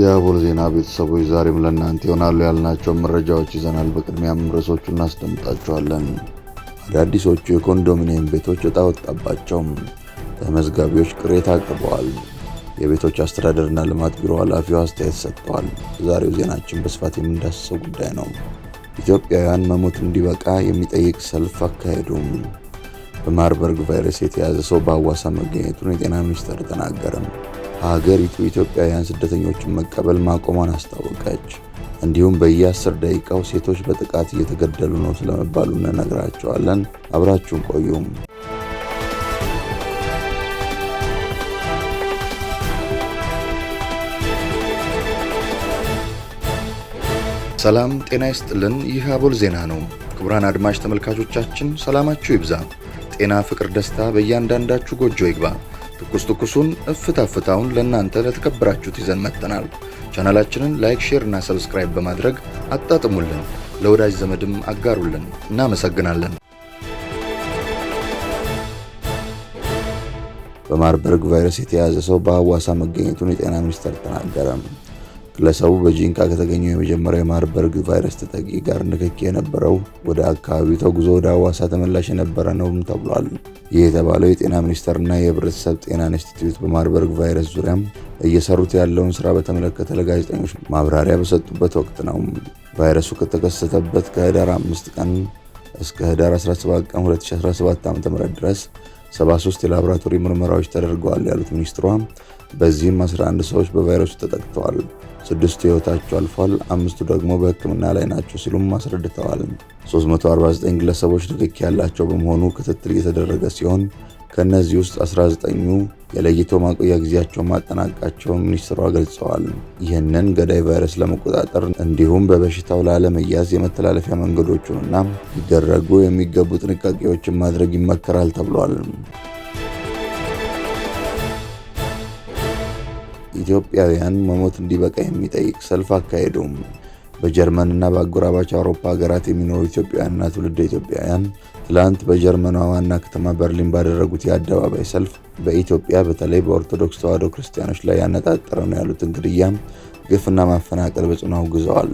የአቦል ዜና ቤተሰቦች ዛሬም ለእናንተ ይሆናሉ ያልናቸውን መረጃዎች ይዘናል። በቅድሚያም ርዕሶቹ እናስደምጣቸዋለን። አዳዲሶቹ የኮንዶሚኒየም ቤቶች እጣ ወጣባቸውም፣ ተመዝጋቢዎች ቅሬታ አቅርበዋል። የቤቶች አስተዳደርና ልማት ቢሮ ኃላፊው አስተያየት ሰጥተዋል። ዛሬው ዜናችን በስፋት የምንዳስሰው ጉዳይ ነው። ኢትዮጵያውያን መሞት እንዲበቃ የሚጠይቅ ሰልፍ አካሄዱም። በማርበርግ ቫይረስ የተያዘ ሰው በአዋሳ መገኘቱን የጤና ሚኒስቴር ተናገረም። ሀገሪቱ ኢትዮጵያውያን ስደተኞችን መቀበል ማቆሟን አስታወቀች። እንዲሁም በየአስር ደቂቃው ሴቶች በጥቃት እየተገደሉ ነው ስለመባሉ እንነግራቸዋለን። አብራችሁን ቆዩም። ሰላም ጤና ይስጥልን። ይህ አቦል ዜና ነው። ክቡራን አድማጭ ተመልካቾቻችን ሰላማችሁ ይብዛ፣ ጤና፣ ፍቅር፣ ደስታ በእያንዳንዳችሁ ጎጆ ይግባ። ትኩስ ትኩሱን እፍታ ፍታውን ለእናንተ ለተከበራችሁት ይዘን መጥተናል። ቻናላችንን ላይክ፣ ሼር እና ሰብስክራይብ በማድረግ አጣጥሙልን፣ ለወዳጅ ዘመድም አጋሩልን። እናመሰግናለን። በማርበርግ ቫይረስ የተያዘ ሰው በሐዋሳ መገኘቱን የጤና ሚኒስቴር ተናገረም። ግለሰቡ በጂንካ ከተገኘው የመጀመሪያው የማርበርግ ቫይረስ ተጠቂ ጋር ንክኪ የነበረው ወደ አካባቢው ተጉዞ ወደ አዋሳ ተመላሽ የነበረ ነውም ተብሏል። ይህ የተባለው የጤና ሚኒስቴርና የህብረተሰብ ጤና ኢንስቲትዩት በማርበርግ ቫይረስ ዙሪያም እየሰሩት ያለውን ስራ በተመለከተ ለጋዜጠኞች ማብራሪያ በሰጡበት ወቅት ነው። ቫይረሱ ከተከሰተበት ከህዳር 5 ቀን እስከ ህዳር 17 ቀን 2017 ዓ.ም ድረስ 73 የላቦራቶሪ ምርመራዎች ተደርገዋል ያሉት ሚኒስትሯ በዚህም 11 ሰዎች በቫይረሱ ተጠቅተዋል፣ ስድስቱ ህይወታቸው አልፏል፣ አምስቱ ደግሞ በህክምና ላይ ናቸው ሲሉም አስረድተዋል። 349 ግለሰቦች ንክኪ ያላቸው በመሆኑ ክትትል እየተደረገ ሲሆን ከእነዚህ ውስጥ 19ኙ የለይቶ ማቆያ ጊዜያቸውን ማጠናቀቃቸውን ሚኒስትሯ ገልጸዋል። ይህንን ገዳይ ቫይረስ ለመቆጣጠር እንዲሁም በበሽታው ላለመያዝ የመተላለፊያ መንገዶቹንና ሊደረጉ የሚገቡ ጥንቃቄዎችን ማድረግ ይመከራል ተብሏል። ኢትዮጵያውያን መሞት እንዲበቃ የሚጠይቅ ሰልፍ አካሄዱም በጀርመንና በአጎራባች አውሮፓ ሀገራት የሚኖሩ ኢትዮጵያውያንና ትውልደ ኢትዮጵያውያን ትላንት በጀርመኗ ዋና ከተማ በርሊን ባደረጉት የአደባባይ ሰልፍ በኢትዮጵያ በተለይ በኦርቶዶክስ ተዋሕዶ ክርስቲያኖች ላይ ያነጣጠረ ነው ያሉትን ግድያም ግፍና ማፈናቀል በጽኑ አውግዘዋል።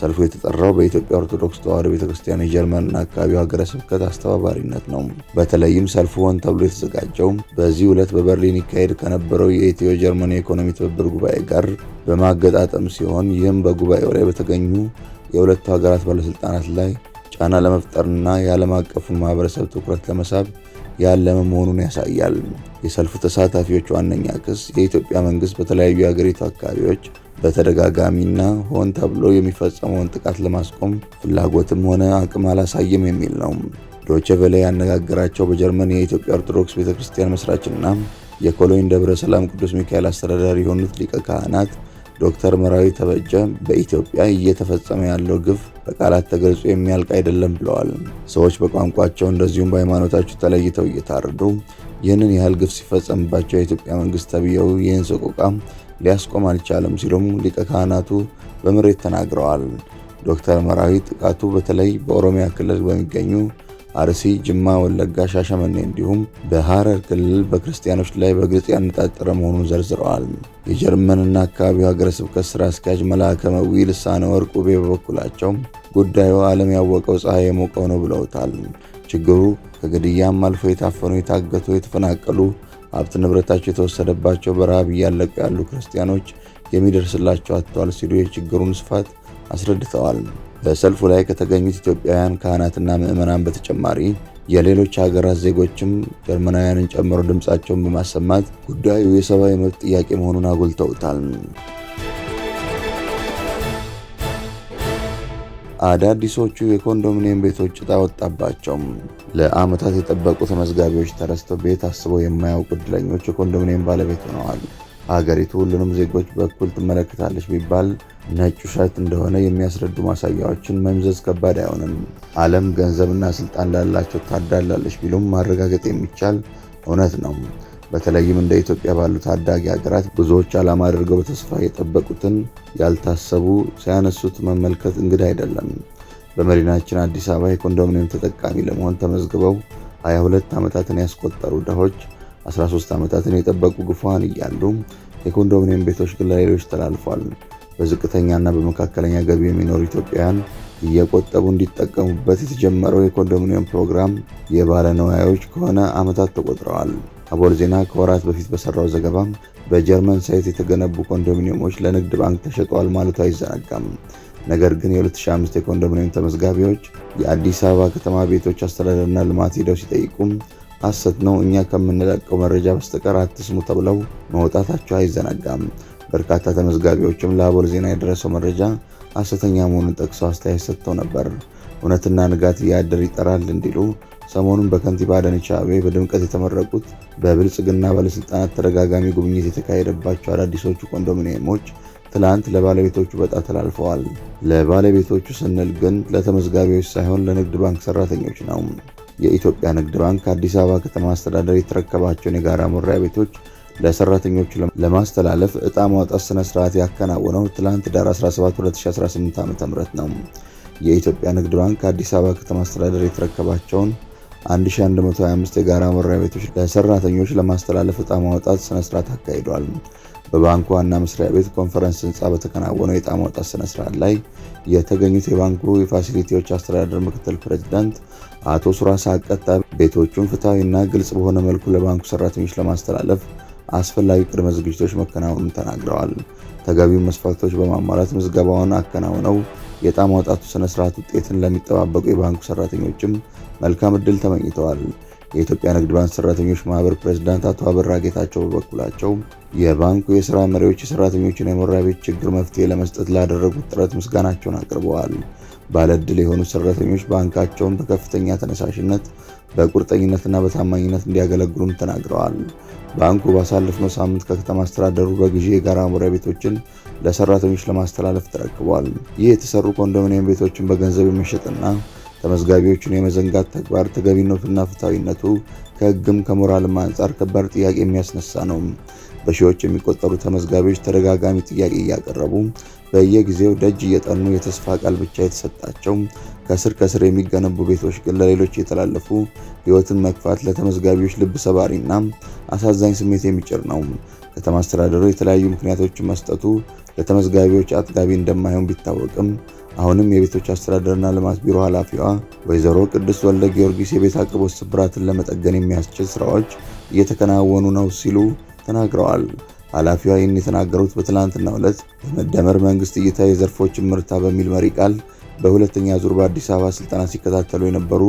ሰልፉ የተጠራው በኢትዮጵያ ኦርቶዶክስ ተዋሕዶ ቤተክርስቲያን የጀርመንና አካባቢው ሀገረ ስብከት አስተባባሪነት ነው። በተለይም ሰልፉ ሆን ተብሎ የተዘጋጀው በዚህ ዕለት በበርሊን ይካሄድ ከነበረው የኢትዮ ጀርመን የኢኮኖሚ ትብብር ጉባኤ ጋር በማገጣጠም ሲሆን ይህም በጉባኤው ላይ በተገኙ የሁለቱ ሀገራት ባለስልጣናት ላይ ጫና ለመፍጠርና የዓለም አቀፉን ማህበረሰብ ትኩረት ለመሳብ ያለመ መሆኑን ያሳያል። የሰልፉ ተሳታፊዎች ዋነኛ ክስ የኢትዮጵያ መንግስት በተለያዩ የሀገሪቱ አካባቢዎች በተደጋጋሚና ሆን ተብሎ የሚፈጸመውን ጥቃት ለማስቆም ፍላጎትም ሆነ አቅም አላሳየም የሚል ነው። ዶቼ ቬለ ያነጋገራቸው በጀርመን የኢትዮጵያ ኦርቶዶክስ ቤተ ክርስቲያን መስራችና የኮሎኝ ደብረ ሰላም ቅዱስ ሚካኤል አስተዳዳሪ የሆኑት ሊቀ ካህናት ዶክተር መራዊ ተበጀ በኢትዮጵያ እየተፈጸመ ያለው ግፍ በቃላት ተገልጾ የሚያልቅ አይደለም ብለዋል። ሰዎች በቋንቋቸው እንደዚሁም በሃይማኖታቸው ተለይተው እየታረዱ ይህንን ያህል ግፍ ሲፈጸምባቸው የኢትዮጵያ መንግስት ተብየው ይህን ሰቆቃ ሊያስቆም አልቻለም ሲሉም ሊቀ ካህናቱ በምሬት ተናግረዋል። ዶክተር መራዊ ጥቃቱ በተለይ በኦሮሚያ ክልል በሚገኙ አርሲ፣ ጅማ፣ ወለጋ፣ ሻሸመኔ እንዲሁም በሐረር ክልል በክርስቲያኖች ላይ በግልጽ ያነጣጠረ መሆኑን ዘርዝረዋል። የጀርመንና አካባቢው ሀገረ ስብከት ስራ አስኪያጅ መልአከ መዊ ልሳነ ወርቅ ውቤ በበኩላቸው ጉዳዩ ዓለም ያወቀው ፀሐይ የሞቀው ነው ብለውታል። ችግሩ ከግድያም አልፎ የታፈኑ፣ የታገቱ፣ የተፈናቀሉ ሀብት ንብረታቸው የተወሰደባቸው በረሃብ እያለቁ ያሉ ክርስቲያኖች የሚደርስላቸው አጥተዋል ሲሉ የችግሩን ስፋት አስረድተዋል። በሰልፉ ላይ ከተገኙት ኢትዮጵያውያን ካህናትና ምዕመናን በተጨማሪ የሌሎች ሀገራት ዜጎችም ጀርመናውያንን ጨምሮ ድምፃቸውን በማሰማት ጉዳዩ የሰብአዊ መብት ጥያቄ መሆኑን አጉልተውታል። አዳዲሶቹ የኮንዶሚኒየም ቤቶች እጣ ወጣባቸው። ለአመታት የጠበቁ ተመዝጋቢዎች ተረስተው ቤት አስበው የማያውቁ እድለኞች የኮንዶሚኒየም ባለቤት ሆነዋል። ሀገሪቱ ሁሉንም ዜጎች በኩል ትመለከታለች ቢባል ነጭ ውሸት እንደሆነ የሚያስረዱ ማሳያዎችን መምዘዝ ከባድ አይሆንም። ዓለም ገንዘብና ስልጣን ላላቸው ታዳላለች ቢሉም ማረጋገጥ የሚቻል እውነት ነው። በተለይም እንደ ኢትዮጵያ ባሉ ታዳጊ ሀገራት ብዙዎች ዓላማ አድርገው በተስፋ የጠበቁትን ያልታሰቡ ሲያነሱት መመልከት እንግዳ አይደለም። በመዲናችን አዲስ አበባ የኮንዶሚኒየም ተጠቃሚ ለመሆን ተመዝግበው 22 ዓመታትን ያስቆጠሩ ድሆች 13 ዓመታትን የጠበቁ ግፋን እያሉ የኮንዶሚኒየም ቤቶች ግን ለሌሎች ተላልፏል። በዝቅተኛና በመካከለኛ ገቢ የሚኖሩ ኢትዮጵያውያን እየቆጠቡ እንዲጠቀሙበት የተጀመረው የኮንዶሚኒየም ፕሮግራም የባለነዋያዎች ከሆነ ዓመታት ተቆጥረዋል። አቦል ዜና ከወራት በፊት በሰራው ዘገባም በጀርመን ሳይት የተገነቡ ኮንዶሚኒየሞች ለንግድ ባንክ ተሸጠዋል ማለቱ አይዘነጋም። ነገር ግን የ2005 የኮንዶሚኒየም ተመዝጋቢዎች የአዲስ አበባ ከተማ ቤቶች አስተዳደርና ልማት ሄደው ሲጠይቁም ሐሰት ነው፣ እኛ ከምንለቀው መረጃ በስተቀር አትስሙ ተብለው መውጣታቸው አይዘነጋም። በርካታ ተመዝጋቢዎችም ለአቦል ዜና የደረሰው መረጃ ሐሰተኛ መሆኑን ጠቅሰው አስተያየት ሰጥተው ነበር። እውነትና ንጋት እያደር ይጠራል እንዲሉ ሰሞኑን በከንቲባ አዳነች አቤቤ በድምቀት የተመረቁት በብልጽግና ባለስልጣናት ተደጋጋሚ ጉብኝት የተካሄደባቸው አዳዲሶቹ ኮንዶሚኒየሞች ትላንት ለባለቤቶቹ በጣ ተላልፈዋል። ለባለቤቶቹ ስንል ግን ለተመዝጋቢዎች ሳይሆን ለንግድ ባንክ ሰራተኞች ነው። የኢትዮጵያ ንግድ ባንክ አዲስ አበባ ከተማ አስተዳደር የተረከባቸውን የጋራ መኖሪያ ቤቶች ለሰራተኞቹ ለማስተላለፍ እጣ ማውጣት ስነ ስርዓት ያከናወነው ትላንት ዳር 17 2018 ዓ.ም ነው። የኢትዮጵያ ንግድ ባንክ አዲስ አበባ ከተማ አስተዳደር የተረከባቸውን 1125 የጋራ መኖሪያ ቤቶች ለሰራተኞች ለማስተላለፍ እጣ ማውጣት ስነስርዓት አካሂዷል። በባንኩ ዋና መስሪያ ቤት ኮንፈረንስ ህንፃ በተከናወነው የዕጣ ማውጣት ስነስርዓት ላይ የተገኙት የባንኩ የፋሲሊቲዎች አስተዳደር ምክትል ፕሬዚዳንት አቶ ሱራሳ አቀጣ ቤቶቹን ፍትሐዊና ግልጽ በሆነ መልኩ ለባንኩ ሰራተኞች ለማስተላለፍ አስፈላጊ ቅድመ ዝግጅቶች መከናወኑን ተናግረዋል። ተገቢውን መስፈርቶች በማሟላት ምዝገባውን አከናውነው የዕጣ ማውጣቱ ስነ ስርዓት ውጤትን ለሚጠባበቁ የባንኩ ሰራተኞችም መልካም እድል ተመኝተዋል። የኢትዮጵያ ንግድ ባንክ ሰራተኞች ማህበር ፕሬዝዳንት አቶ አበራ ጌታቸው በበኩላቸው የባንኩ የስራ መሪዎች የሰራተኞችን የመኖሪያ ቤት ችግር መፍትሄ ለመስጠት ላደረጉት ጥረት ምስጋናቸውን አቅርበዋል። ባለዕድል የሆኑ ሰራተኞች ባንካቸውን በከፍተኛ ተነሳሽነት በቁርጠኝነትና በታማኝነት እንዲያገለግሉም ተናግረዋል። ባንኩ ባሳለፍነው ሳምንት ከከተማ አስተዳደሩ በግዢ የጋራ መኖሪያ ቤቶችን ለሰራተኞች ለማስተላለፍ ተረክቧል። ይህ የተሰሩ ኮንዶሚኒየም ቤቶችን በገንዘብ የመሸጥና ተመዝጋቢዎችን የመዘንጋት ተግባር ተገቢነቱና ፍትሐዊነቱ ከሕግም ከሞራልም አንጻር ከባድ ጥያቄ የሚያስነሳ ነው። በሺዎች የሚቆጠሩ ተመዝጋቢዎች ተደጋጋሚ ጥያቄ እያቀረቡ በየጊዜው ደጅ እየጠኑ የተስፋ ቃል ብቻ የተሰጣቸው ከስር ከስር የሚገነቡ ቤቶች ግን ለሌሎች የተላለፉ ህይወትን መግፋት ለተመዝጋቢዎች ልብ ሰባሪና አሳዛኝ ስሜት የሚጭር ነው። ከተማ አስተዳደሩ የተለያዩ ምክንያቶች መስጠቱ ለተመዝጋቢዎች አጥጋቢ እንደማይሆን ቢታወቅም አሁንም የቤቶች አስተዳደርና ልማት ቢሮ ኃላፊዋ ወይዘሮ ቅድስት ወልደ ጊዮርጊስ የቤት አቅርቦት ስብራትን ለመጠገን የሚያስችል ስራዎች እየተከናወኑ ነው ሲሉ ተናግረዋል። ኃላፊዋ ይህን የተናገሩት በትላንትና ዕለት በመደመር መንግስት እይታ የዘርፎች ምርታ በሚል መሪ ቃል በሁለተኛ ዙር በአዲስ አበባ ስልጠና ሲከታተሉ የነበሩ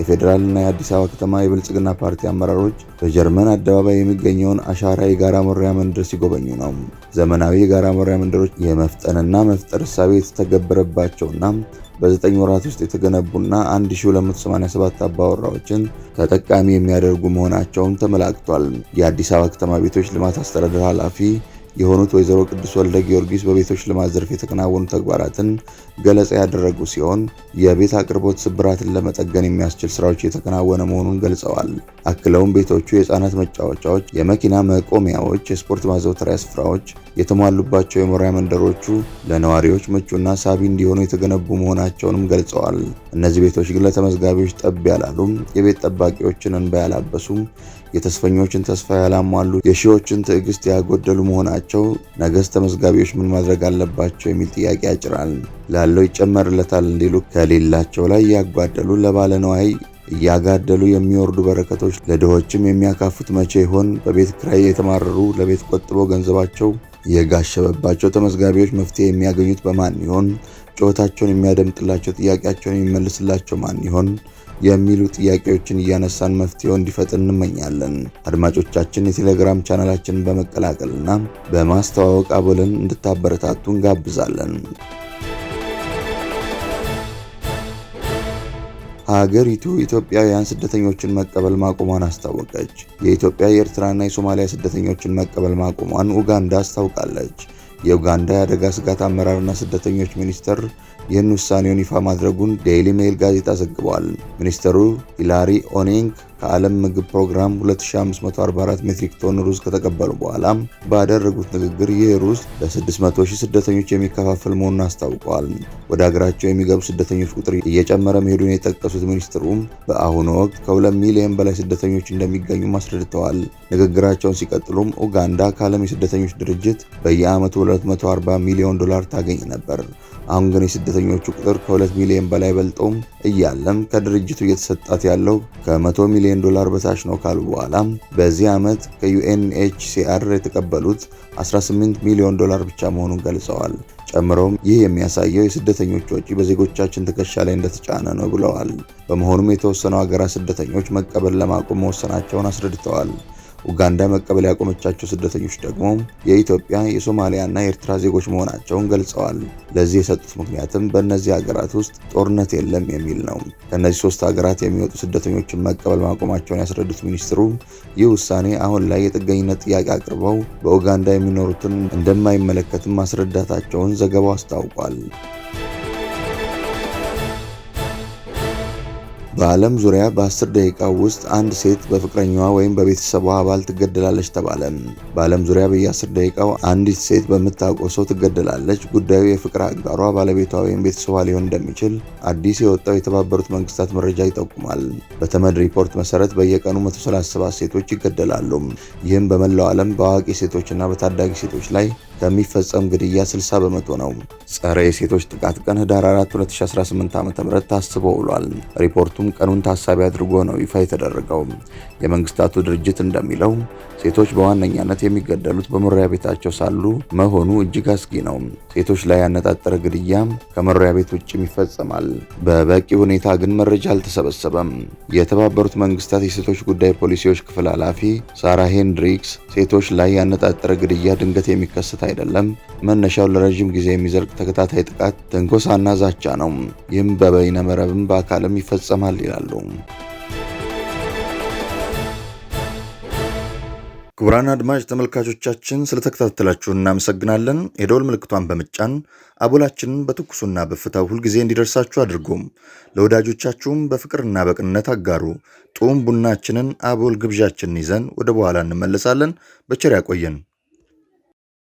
የፌዴራልና የአዲስ አበባ ከተማ የብልጽግና ፓርቲ አመራሮች በጀርመን አደባባይ የሚገኘውን አሻራ የጋራ መኖሪያ መንደር ሲጎበኙ ነው። ዘመናዊ የጋራ መኖሪያ መንደሮች የመፍጠንና መፍጠር እሳቤ የተተገበረባቸውና በዘጠኝ ወራት ውስጥ የተገነቡና 1287 አባወራዎችን ተጠቃሚ የሚያደርጉ መሆናቸውም ተመላክቷል። የአዲስ አበባ ከተማ ቤቶች ልማት አስተዳደር ኃላፊ የሆኑት ወይዘሮ ቅዱስ ወልደ ጊዮርጊስ በቤቶች ልማት ዘርፍ የተከናወኑ ተግባራትን ገለጻ ያደረጉ ሲሆን የቤት አቅርቦት ስብራትን ለመጠገን የሚያስችል ስራዎች የተከናወነ መሆኑን ገልጸዋል። አክለውም ቤቶቹ የህፃናት መጫወቻዎች፣ የመኪና መቆሚያዎች፣ የስፖርት ማዘውተሪያ ስፍራዎች የተሟሉባቸው የመኖሪያ መንደሮቹ ለነዋሪዎች ምቹና ሳቢ እንዲሆኑ የተገነቡ መሆናቸውንም ገልጸዋል። እነዚህ ቤቶች ግን ለተመዝጋቢዎች ጠብ ያላሉም፣ የቤት ጠባቂዎችን እንባ ያላበሱም የተስፈኞችን ተስፋ ያላሟሉ፣ የሺዎችን ትዕግስት ያጎደሉ መሆናቸው ነገስ ተመዝጋቢዎች ምን ማድረግ አለባቸው የሚል ጥያቄ ያጭራል። ላለው ይጨመርለታል እንዲሉ ከሌላቸው ላይ ያጓደሉ፣ ለባለነዋይ እያጋደሉ የሚወርዱ በረከቶች ለድሆችም የሚያካፉት መቼ ይሆን? በቤት ክራይ የተማረሩ ለቤት ቆጥበው ገንዘባቸው የጋሸበባቸው ተመዝጋቢዎች መፍትሄ የሚያገኙት በማን ይሆን? ጩኸታቸውን የሚያደምጥላቸው፣ ጥያቄያቸውን የሚመልስላቸው ማን ይሆን? የሚሉ ጥያቄዎችን እያነሳን መፍትሄው እንዲፈጥር እንመኛለን። አድማጮቻችን የቴሌግራም ቻናላችንን በመቀላቀልና በማስተዋወቅ አቦልን እንድታበረታቱ እንጋብዛለን። ሀገሪቱ ኢትዮጵያውያን ስደተኞችን መቀበል ማቆሟን አስታወቀች። የኢትዮጵያ የኤርትራና የሶማሊያ ስደተኞችን መቀበል ማቆሟን ኡጋንዳ አስታውቃለች። የኡጋንዳ የአደጋ ስጋት አመራርና ስደተኞች ሚኒስቴር ይህን ውሳኔውን ይፋ ማድረጉን ዴይሊ ሜይል ጋዜጣ ዘግቧል። ሚኒስትሩ ሂላሪ ኦኒንግ ከዓለም ምግብ ፕሮግራም 2544 ሜትሪክ ቶን ሩዝ ከተቀበሉ በኋላ ባደረጉት ንግግር ይህ ሩዝ ለ600 ሺህ ስደተኞች የሚከፋፈል መሆኑን አስታውቀዋል። ወደ ሀገራቸው የሚገቡ ስደተኞች ቁጥር እየጨመረ መሄዱን የጠቀሱት ሚኒስትሩም በአሁኑ ወቅት ከ2 ሚሊዮን በላይ ስደተኞች እንደሚገኙ አስረድተዋል። ንግግራቸውን ሲቀጥሉም ኡጋንዳ ከዓለም የስደተኞች ድርጅት በየዓመቱ 240 ሚሊዮን ዶላር ታገኝ ነበር። አሁን ግን የስደተኞቹ ቁጥር ከሁለት ሚሊዮን በላይ በልጦም እያለም ከድርጅቱ እየተሰጣት ያለው ከ100 ሚሊዮን ዶላር በታች ነው ካሉ በኋላ በዚህ ዓመት ከዩኤንኤችሲአር የተቀበሉት 18 ሚሊዮን ዶላር ብቻ መሆኑን ገልጸዋል። ጨምሮም ይህ የሚያሳየው የስደተኞች ወጪ በዜጎቻችን ትከሻ ላይ እንደተጫነ ነው ብለዋል። በመሆኑም የተወሰነው ሀገራት ስደተኞች መቀበል ለማቆም መወሰናቸውን አስረድተዋል። ኡጋንዳ መቀበል ያቆመቻቸው ስደተኞች ደግሞ የኢትዮጵያ የሶማሊያና የኤርትራ ዜጎች መሆናቸውን ገልጸዋል። ለዚህ የሰጡት ምክንያትም በእነዚህ ሀገራት ውስጥ ጦርነት የለም የሚል ነው። ከእነዚህ ሶስት ሀገራት የሚወጡ ስደተኞችን መቀበል ማቆማቸውን ያስረዱት ሚኒስትሩ ይህ ውሳኔ አሁን ላይ የጥገኝነት ጥያቄ አቅርበው በኡጋንዳ የሚኖሩትን እንደማይመለከትም ማስረዳታቸውን ዘገባው አስታውቋል። በዓለም ዙሪያ በ10 ደቂቃ ውስጥ አንድ ሴት በፍቅረኛዋ ወይም በቤተሰቧ አባል ትገደላለች ተባለ። በዓለም ዙሪያ በየ10 ደቂቃው አንዲት ሴት በምታውቀው ሰው ትገደላለች። ጉዳዩ የፍቅር አጋሯ፣ ባለቤቷ ወይም ቤተሰቧ ሊሆን እንደሚችል አዲስ የወጣው የተባበሩት መንግስታት መረጃ ይጠቁማል። በተመድ ሪፖርት መሰረት በየቀኑ 137 ሴቶች ይገደላሉ። ይህም በመላው ዓለም በአዋቂ ሴቶችና በታዳጊ ሴቶች ላይ ከሚፈጸም ግድያ 60 በመቶ ነው። ጸረ የሴቶች ጥቃት ቀን ህዳር 4 2018 ዓ.ም ታስቦ ውሏል። ሪፖርቱም ቀኑን ታሳቢ አድርጎ ነው ይፋ የተደረገው። የመንግስታቱ ድርጅት እንደሚለው ሴቶች በዋነኛነት የሚገደሉት በመኖሪያ ቤታቸው ሳሉ መሆኑ እጅግ አስጊ ነው። ሴቶች ላይ ያነጣጠረ ግድያ ከመኖሪያ ቤት ውጭም ይፈጸማል። በበቂ ሁኔታ ግን መረጃ አልተሰበሰበም። የተባበሩት መንግስታት የሴቶች ጉዳይ ፖሊሲዎች ክፍል ኃላፊ ሳራ ሄንድሪክስ ሴቶች ላይ ያነጣጠረ ግድያ ድንገት የሚከሰት አይደለም። መነሻው ለረዥም ጊዜ የሚዘልቅ ተከታታይ ጥቃት፣ ትንኮሳና ዛቻ ነው። ይህም በበይነ መረብም በአካልም ይፈጸማል ይላሉ። ክቡራን አድማጭ ተመልካቾቻችን ስለተከታተላችሁ እናመሰግናለን። የደወል ምልክቷን በምጫን አቦላችንን በትኩሱና በእፍታው ሁልጊዜ እንዲደርሳችሁ አድርጎም ለወዳጆቻችሁም በፍቅርና በቅንነት አጋሩ። ጡም ቡናችንን አቦል ግብዣችንን ይዘን ወደ በኋላ እንመለሳለን። በቸር ያቆየን።